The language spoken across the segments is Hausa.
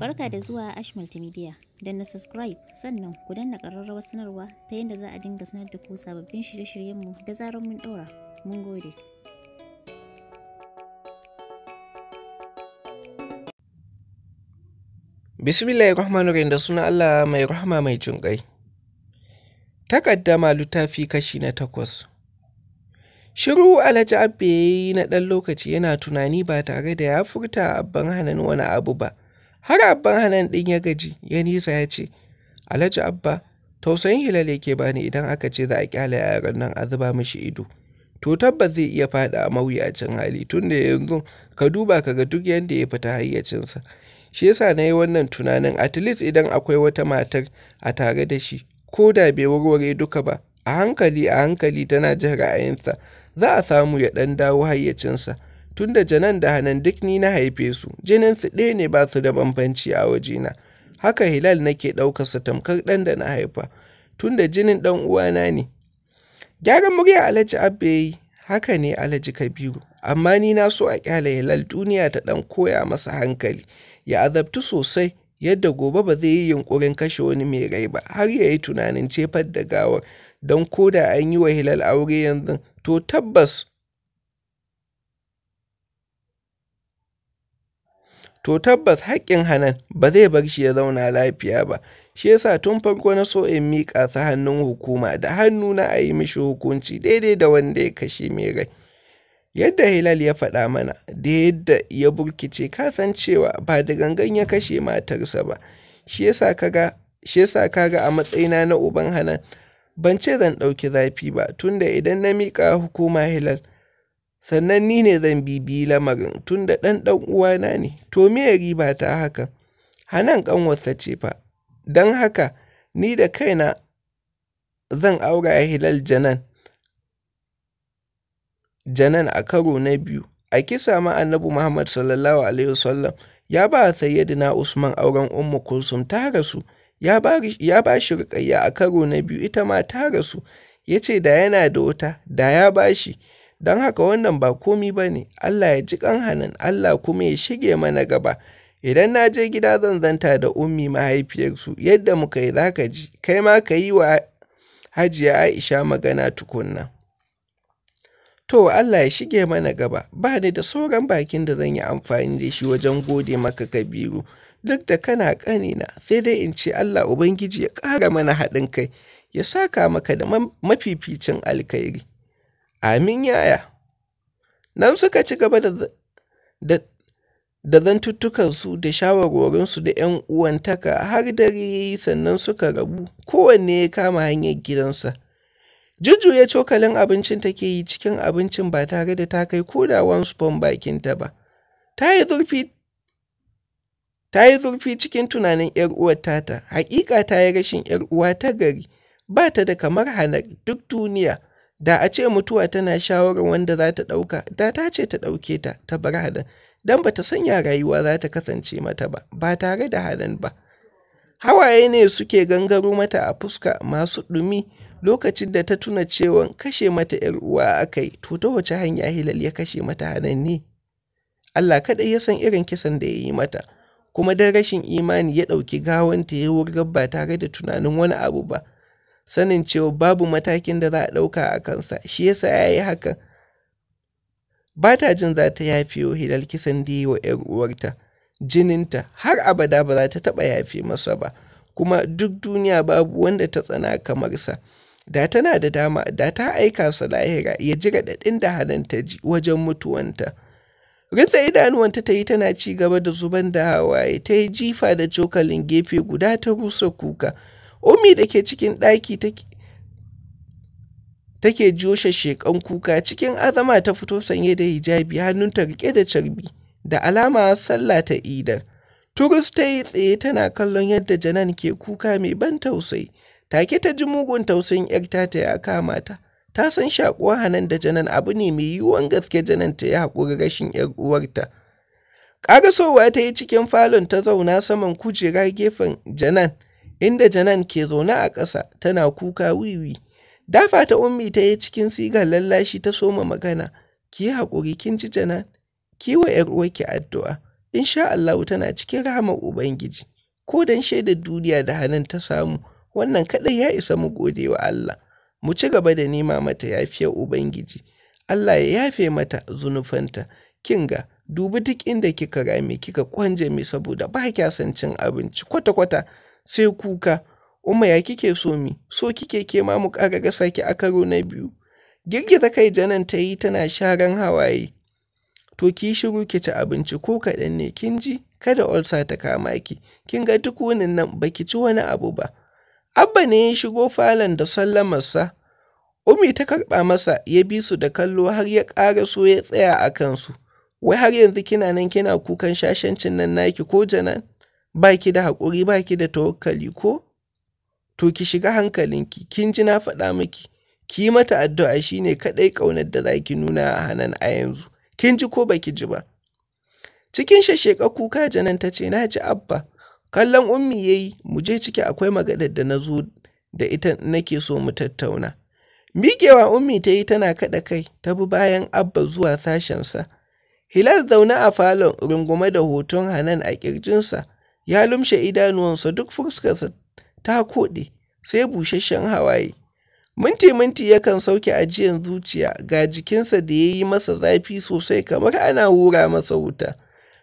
Barka da zuwa Ash Multimedia. Don na subscribe sannan ku danna ƙararrawar sanarwa ta yadda za a dinga sanar da ku sababbin shirye-shiryenmu da zarar mun ɗora. Mun gode. Bismillahir Rahmanir Rahim da suna Allah mai rahama mai jinƙai. Takaddama littafi kashi na takwas. Shiru Alhaji Abbe na ɗan lokaci yana tunani ba tare da ya furta abban hanan wani abu ba, har abban hanan ɗin ya gaji ya nisa ya ce alhaji abba tausayin hilal yake bani idan aka ce za a kyale yaran nan a zuba mashi ido to tabbas zai iya faɗa a mawuyacin hali tun da yanzu ka duba ka ga duk yadda ya fita hayyacinsa shi yasa na yi wannan tunanin at least idan akwai wata matar a tare da shi ko da bai warware duka ba a hankali a hankali tana jin ra'ayinsa za a samu ya ɗan dawo hayyacinsa tun da janan da hanan duk ni na haife su jininsu ɗaya ne ba su da bambanci a wajena haka hilal nake su tamkar ɗan da na haifa tun da jinin ɗan uwana ne gyaran murya alhaji abba yi haka ne alhaji kabiru amma ni na so a kyale hilal duniya ta ɗan koya masa hankali ya azabtu sosai yadda gobe ba zai yi yunƙurin kashe wani mai rai ba har ya yi tunanin cefar da gawar don ko da an yi wa hilal aure yanzu to tabbas to tabbas haƙƙin Hanan ba zai bar shi ya zauna lafiya ba, shi yasa tun farko na so in miƙa su hannun hukuma da hannu na a yi mishi hukunci daidai da wanda ya kashe mai rai. Yadda Hilal ya faɗa mana da yadda ya burkice cewa ba da gangan ya kashe matarsa ba, shi yasa ga shi yasa a matsayina na uban Hanan ban ce zan ɗauki zafi ba tunda idan na miƙa hukuma Hilal sannan ni ne zan bibi lamarin tun da ɗan ɗan uwana ne, to me riba ta haka? Hanan ƙanwarsa ce fa, don haka ni da kaina zan aura Hilal Janan. Janan a karo na biyu, a kisa ma annabu Muhammad sallallahu Alaihi wasallam ya ba sayyadina Usman auren umma Kulsum ta rasu, ya ba shi riƙayya a karo na biyu ita ma ta rasu, ya ce da yana da wuta da ya ba shi. Don haka wannan ba komi ba ne, Allah ya ji ƙan Hanan, Allah kuma ya shige mana gaba. Idan na je gida zan zanta da ummi mahaifiyarsu yadda muka yi za ka ji, kai ma ka yi wa Hajiya Aisha magana tukunna. To Allah ya shige mana gaba, ba ni da sauran bakin da zan yi amfani da shi wajen gode maka Kabiru, duk da kana ƙanina sai dai in ce Allah Ubangiji ya ƙara mana haɗin kai, ya saka maka da mafificin alkhairi. Amin yaya. Nan suka ci gaba da zantuttukansu da shawarwarinsu da ‘yan uwantaka har dare sannan suka rabu kowanne ya kama hanyar gidansa. Jujjuya cokalin abincin take yi cikin abincin ba tare da ta kai koda wan spoon bakinta ba. Ta yi zurfi cikin tunanin ‘yar uwar tata, haƙiƙa ta yi rashin ‘yar uwa ta gari, ba ta da kamar Hanar duk duniya. da a ce mutuwa tana shawarar wanda za ta ɗauka da ta ce ta ɗauke ta ta bar hadan don ba ta sanya rayuwa za ta kasance mata ba ba tare da hadan ba hawaye ne suke gangaro mata a fuska masu ɗumi lokacin da ta tuna cewa kashe mata ‘yar uwa aka yi to ta wace hanya hilal ya kashe mata hadan ne Allah kaɗai ya san irin kisan da ya yi mata kuma don rashin imani ya ɗauki gawanta ya wurgar ba tare da tunanin wani abu ba sanin cewa babu matakin da za a ɗauka a kansa shi yasa ya yi hakan ba ta jin za ta yafiyo hilal kisan da yi wa 'yar uwarta jininta har abada ba za ta taɓa yafe masa ba kuma duk duniya babu wanda ta tsana kamar sa da tana da dama da ta aika su lahira ya ji raɗaɗin da ta ji wajen mutuwanta ritsa idanuwanta ta yi tana ci gaba da zuban da hawaye ta yi jifa da cokalin gefe guda ta rusa kuka Umi da ke cikin ɗaki take take joshe shekan kuka cikin azama ta fito sanye da hijabi hannunta riƙe da carbi da alama sallah ta idar. Turus ta yi tsaye tana kallon yadda Janan ke kuka mai ban tausayi, take ta ji mugun tausayin ‘yarta ta ya kama ta, ta san shakuwa hanan da Janan abu ne mai yiwuwan gaske Janan ta ya haƙuri rashin ‘yar uwarta. Ƙarasowa ta yi cikin falon ta zauna saman kujera gefen Janan inda Janan ke zaune a ƙasa tana kuka wiwi. Dafa ta ummi ta yi cikin sigar lallashi ta soma magana, ki yi haƙuri kin ji Janan, ki wa ‘yar uwarki addu'a, in sha Allahu tana cikin rahamar Ubangiji. Ko dan shaidar duniya da hannun ta samu, wannan kaɗai ya isa mu gode wa Allah. Mu ci gaba da nima mata yafiyar Ubangiji. Allah ya yafe mata zunufanta, kinga dubi duk inda kika rame kika kwanje mai saboda ba kya san cin abinci kwata-kwata sai kuka. Umma ya kike so mi? So kike ke ma mu ƙara gasa ki a karo na biyu. Girgiza kai janan ta yi tana sharan hawaye. To ki shiru ki ci abinci ko kaɗan ne kin ji? Kada olsa ta kama ki. Kin ga duk wunin nan ki ci wani abu ba. Abba ne ya shigo falon da sallamarsa. Umi ta karɓa masa ya bi su da kallo har ya ƙara so ya tsaya a kansu. Wai har yanzu kina nan kina kukan shashancin nan naki ko janan? ba ki da haƙuri ba ki da tawakkali ko to ki shiga hankalinki kin ji na faɗa miki ki mata addu'a shine kaɗai ƙaunar da za ki nuna a hanan a yanzu kin ji ko baki ji ba cikin shasheka kuka janan ta ce na ji abba kallon ummi yayi mu je ciki akwai magadar da na da ita nake so mu tattauna miƙewa ummi ta yi tana kaɗa kai ta bi bayan abba zuwa sashensa hilal zaune a falon rungume da hoton hanan a ƙirjinsa Ya lumshe idanuwansa duk fuskarsa ta koɗe sai busasshen hawaye. Minti-minti yakan sauke ajiyan zuciya ga jikinsa da ya yi masa zafi sosai kamar ana wura masa wuta.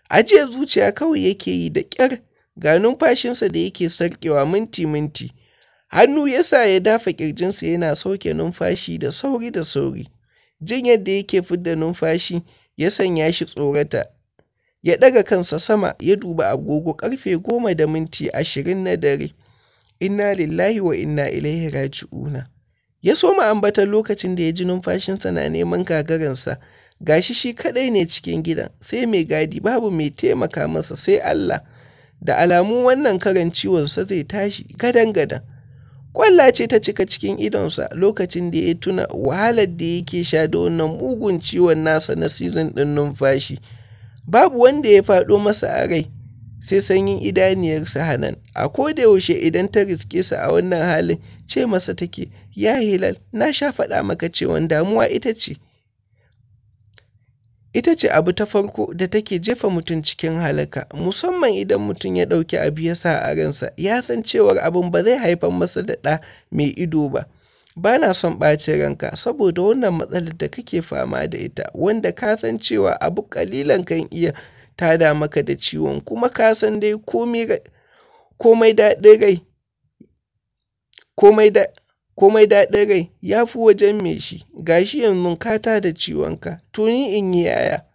Ajiyar zuciya kawai yake yi da ƙyar ga numfashinsa da yake sarƙewa minti-minti. Hannu ya sa ya dafa ƙirjinsa yana sauke numfashi da sauri da sauri. Jin yadda yake fidda numfashi ya sanya shi tsorata ya ɗaga kansa sama ya duba agogo karfe goma da minti ashirin na dare. Inna lillahi wa inna ilaihi raji'una. Ya soma ambatar lokacin da ya ji numfashinsa na neman gagaransa, gashi shi kaɗai ne cikin gidan, sai mai gadi babu mai taimaka masa sai Allah. Da alamu wannan karan ciwonsa zai tashi gadan-gadan. Kwalla ce ta cika cikin idonsa lokacin da ya tuna wahalar da yake sha da wannan mugun ciwon nasa na sizin ɗin numfashi. Babu wanda ya faɗo masa a rai sai sanyin idaniyarsa Hanan, a kodayaushe idan ta riske sa a wannan halin ce masa take, ya Hilal, na sha faɗa maka cewan damuwa ita ce. Ita ce abu ta farko da take jefa mutum cikin halaka, musamman idan mutum ya ɗauki abu ya sa a ransa, ya san cewar abin ba zai haifar masa da ɗa mai ido ba. Ba na son ɓacin ranka saboda wannan matsalar da kake fama da ita wanda ka san cewa abu kalilan kan iya tada maka da ciwon kuma ka san dai komai daɗin rai da komai daɗin rai ya fi wajen mai shi, ga shi yanzu ka tada ciwonka, to ni in yi yaya?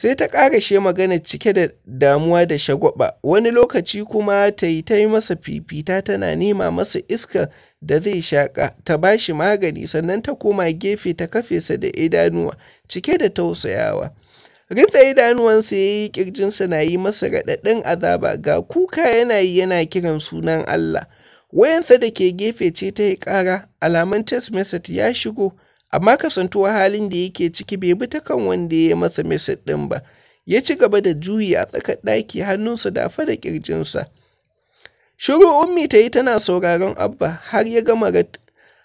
sai ta ƙarashe magana cike da damuwa da shagwaba wani lokaci kuma ta yi ta yi masa fifita tana nema masa iska da zai shaƙa ta ba shi magani sannan ta koma gefe ta kafe sa da idanuwa cike da tausayawa ritsa idanuwansa ya yi ƙirjinsa na yi masa raɗaɗɗen azaba ga kuka yana yi yana kiran sunan Allah wayansa da ke gefe ce ta yi ƙara alamun test message ya shigo amma kasantuwa halin da yake ciki bai bi ta kan wanda ya masa mesej ɗin ba ya ci gaba da juyi a tsakar ɗaki hannunsa dafa da ƙirjinsa. Shiru ummi ta yi tana sauraron Abba har ya gama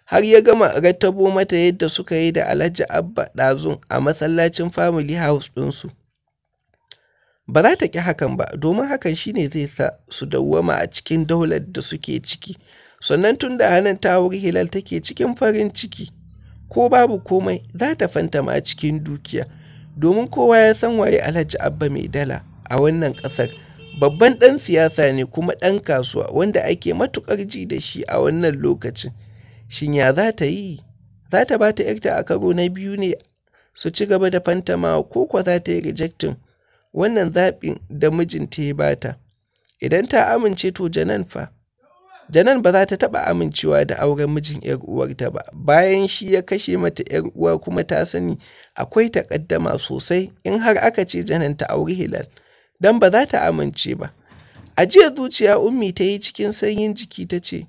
har ya gama rattabo mata yadda suka yi da Alhaji Abba ɗazun a masallacin Family House ɗinsu. Ba za ta ƙi hakan ba, domin hakan shine zai sa su dawwama a cikin daular da suke ciki, sannan tun da hannun tawar Hilal take cikin farin ciki. ko babu komai za ta fantama ma cikin dukiya domin kowa ya san waye alhaji abba mai dala a wannan ƙasar babban ɗan siyasa ne kuma ɗan kasuwa wanda ake matuƙar ji da shi a wannan lokacin shin ya za ta yi za ta ba ta yarta a karo na biyu ne su ci gaba da fantama ko kuwa za ta yi rejectin wannan zaɓin da mijinta ya bata idan ta amince to janan fa Janan ba za ta taɓa amincewa da auren mijin 'yar uwarta ba, bayan shi ya kashe mata 'yar uwa kuma ta sani akwai taƙaddama sosai in har aka ce Janan ta auri Hilal, don ba za ta amince ba. A jiya zuciya Ummi ta yi cikin sanyin jiki ta ce,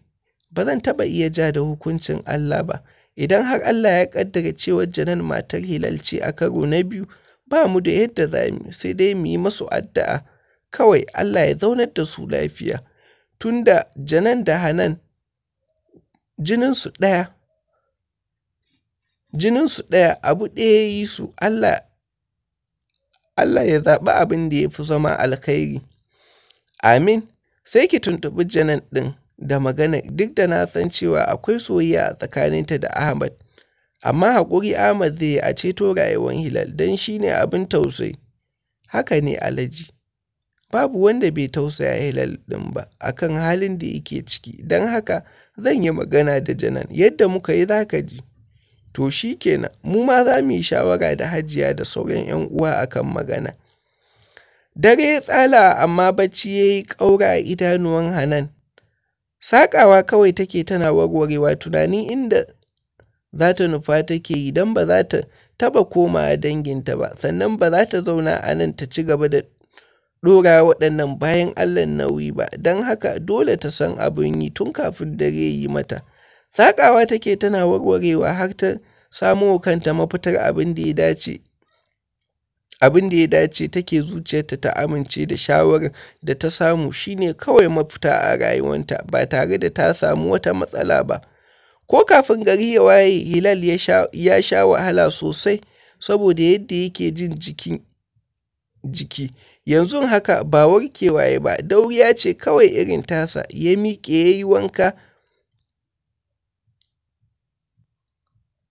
Ba zan taɓa iya ja da hukuncin Allah ba, idan har Allah ya ƙaddara cewa Janan matar Hilal ce a karo na biyu, ba mu da yadda za mu sai dai mu yi masu addu'a, kawai Allah ya zaunar da su lafiya. tunda Janan da Hanan jininsu ɗaya, jininsu ɗaya abu ɗaya yi su Allah Allah ya zaɓi abin da ya fi zama alkhairi. Amin, sai ki tuntubi Janan ɗin da magana duk da na san cewa akwai soyayya a tsakaninta da Ahmad, amma haƙuri Ahmad zai yi a ceto rayuwar Hilal don shi ne abin tausayi. Haka ne Alhaji. Babu wanda bai tausaya Hilal ɗin ba akan halin da yake ciki, don haka zan yi magana da janan yadda muka yi za ka ji. To shi kenan, mu ma za mu yi shawara da Hajiya da sauran 'yan uwa a kan magana. Dare ya tsala amma bacci ya yi ƙaura a idanuwan Hanan. Saƙawa kawai take tana warwarewa tunani inda za ta nufa take yi don ba za ta taba komawa danginta ba, sannan ba za ta zauna a nan ta ci gaba da ɗora waɗannan bayan Allah nauyi ba, don haka dole ta san abin yi tun kafin dare yi mata. Saƙawa take tana warwarewa har ta samo kanta mafitar abin da ya dace. take zuciyarta ta amince da shawarar da ta samu shine kawai mafita a rayuwanta ba tare da ta samu wata matsala ba. Ko kafin gari ya waye Hilal ya sha wahala sosai saboda yadda yake jin jiki. yanzu haka ba warke waye ba dauriya ce kawai irin tasa ya miƙe ya yi wanka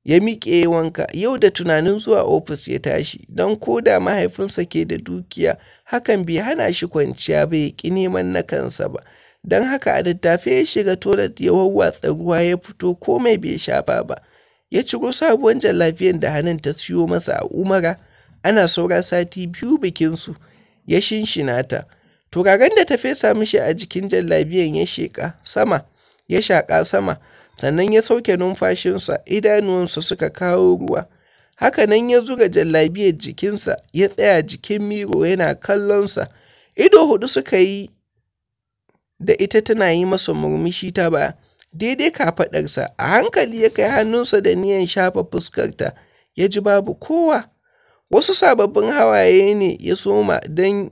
ya miƙe wanka yau da tunanin zuwa ofis ya tashi don ko da mahaifinsa ke da dukiya hakan bai hana shi kwanciya bai ƙi neman na kansa ba don haka a daddafe ya shiga toilet ya wawwatsa ruwa ya fito komai bai shafa ba ya ciro sabuwar jallafiyar da hannun ta siyo masa a umara ana saura sati biyu bikinsu ya shinshina ta turaren da ta fesa mishi a jikin jallabiyan ya sheƙa sama ya shaƙa sama sannan ya sauke numfashinsa idanuwansa suka kawo ruwa haka nan ya zuga jallabiyar jikinsa ya tsaya jikin miro yana kallonsa ido hudu suka yi da ita tana yi masa murmushi ta baya daidai kafaɗarsa a hankali ya kai hannunsa da niyan shafa fuskarta ya ji babu kowa Wasu sababbin hawaye ne ya soma don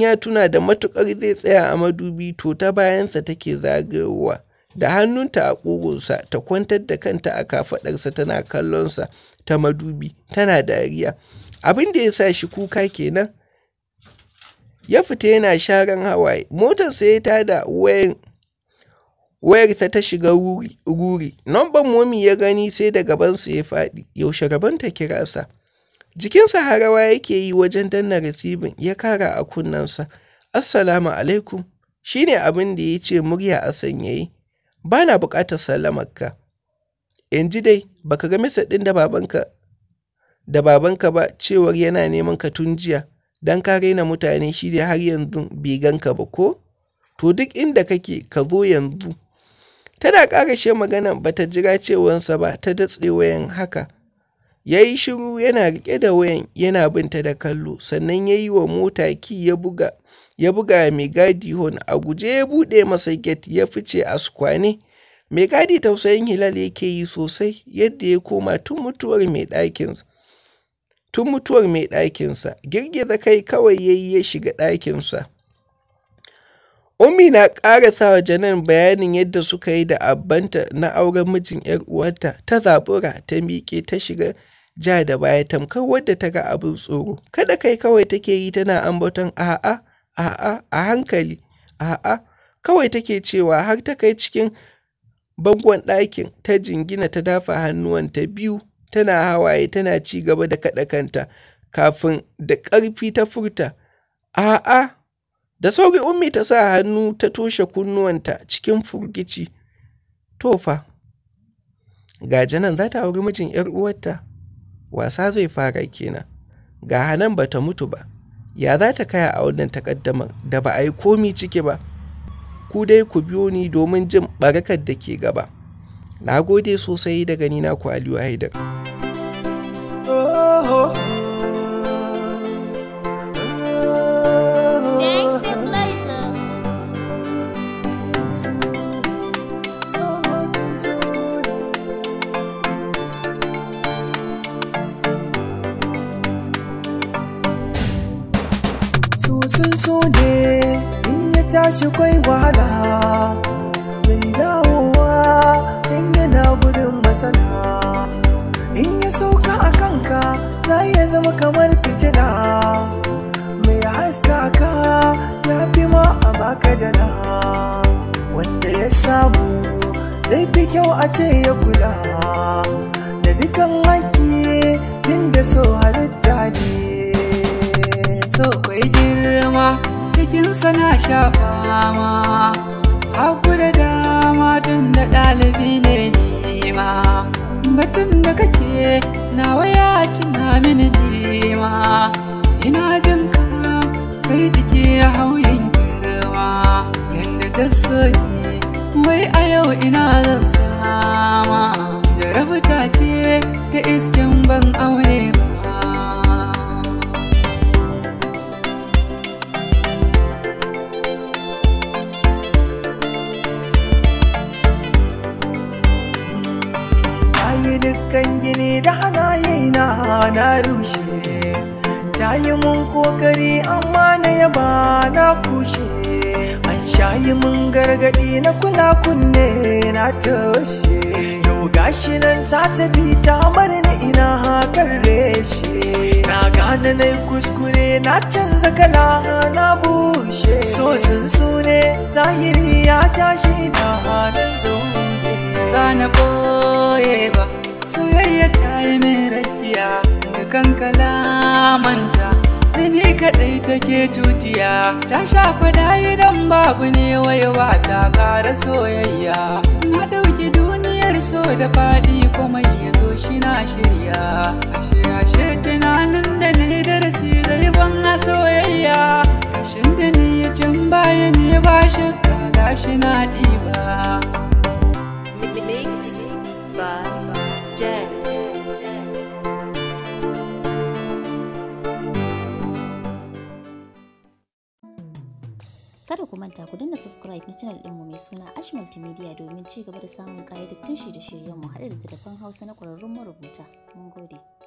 ya tuna da matuƙar zai tsaya a madubi to ta bayansa take zagayowa, da hannunta a ƙugunsa ta kwantar da kanta a kafaɗarsa tana kallonsa ta madubi, tana dariya. Abin da ya sa shi kuka kenan. Ya fita yana sharan hawaye, motarsa ya tada wayan wayarsa ta shiga ruri, lambar momi ya gani sai da gabansa ya faɗi, yaushe gaban ta kira sa. Jikinsa harawa yake yi wajen danna resibin ya kara a kunnensa, Assalamu alaikum, shi ne abin da ya ce murya a yi. ba na buƙatar sallamarka. In ji dai, ba ka ga misa ɗin da babanka ba cewar yana neman ka tun jiya, don ka raina mutane shi da har yanzu bai ganka ba ko? To duk inda kake ka zo yanzu. Tana ƙarashe maganan ba ta jira cewansa ba ta datse wayan haka. Ya yi shiru yana riƙe da wayan yana binta da kallo, sannan ya yi wa mota ki ya buga ya buga mai gadi hon a guje ya buɗe masa get ya fice a sukwane. Mai gadi tausayin Hilal yake yi sosai yadda ya koma tun mutuwar mai ɗakinsa. Tun mutuwar mai ɗakinsa, girgiza kai kawai ya yi ya shiga ɗakinsa. Ummi na ƙarasa wa Janan bayanin yadda suka yi da abanta na auren mijin ‘yar uwarta, ta zabura ta miƙe ta shiga ja da baya tamkar wadda ta ga abin tsoro kada kai kawai take yi tana ambaton a'a a'a a hankali a'a kawai take cewa har ta kai cikin bangon ɗakin ta jingina ta dafa hannuwanta biyu tana hawaye tana ci gaba da kaɗa kanta kafin da ƙarfi ta furta a'a da sauri ummi ta sa hannu ta toshe kunnuwanta cikin furgici tofa ga janan za ta auri mijin 'yar uwarta wasa zai fara kenan ga hanan ba ta mutu ba ya za ta kaya a wannan takaddaman da ba a yi komi ciki ba ku dai ku biyo ni domin jin barakar da ke gaba na gode sosai da gani ku aliyu haidar oh, oh. shi kwai wahala Mai dawowa in yana gudun matsala in ya sauka a kanka za ya zama kamar fitila mai haska ka ya fi ma a baka da na wanda ya samu zai fi kyau a ce ya kula da dukan haƙi tun da so halitta ne so kwai cikinsa na sha fama haku da dama tun da ɗalibi ne nema batun da kake na waya tuna mini nema ina jin ka sai jiki ya hauyin girma yadda ta soki wai a yau ina zan sama jarabta ce ta iskin ba shayi mun gargadi na kula kunne na toshe yau gashi nan ta bi ta bar na ina hakar reshe na gane na kuskure na canza kala na bushe so sun sune zahiri ya tashi na hannun zaune zana boye ba soyayya ta yi mai rakiya kankala manta. ni kadai take tutiya ta shafa dayi dan babu ne waiwa ta ƙara soyayya na ɗauki duniyar so da faɗi kuma ya zo shi na shirya ashe ashe tunanin da ne darasi zai ban a soyayya rashin da ni ya can baya ne ba shakka gashi na ɗiba Kada ku manta ku danna subscribe na channel ɗinmu mai suna Ash Multimedia domin ci gaba da samun ƙayyadattun shirye-shiryenmu haɗe da telefon Hausa na ƙwararrun marubuta. Mun gode.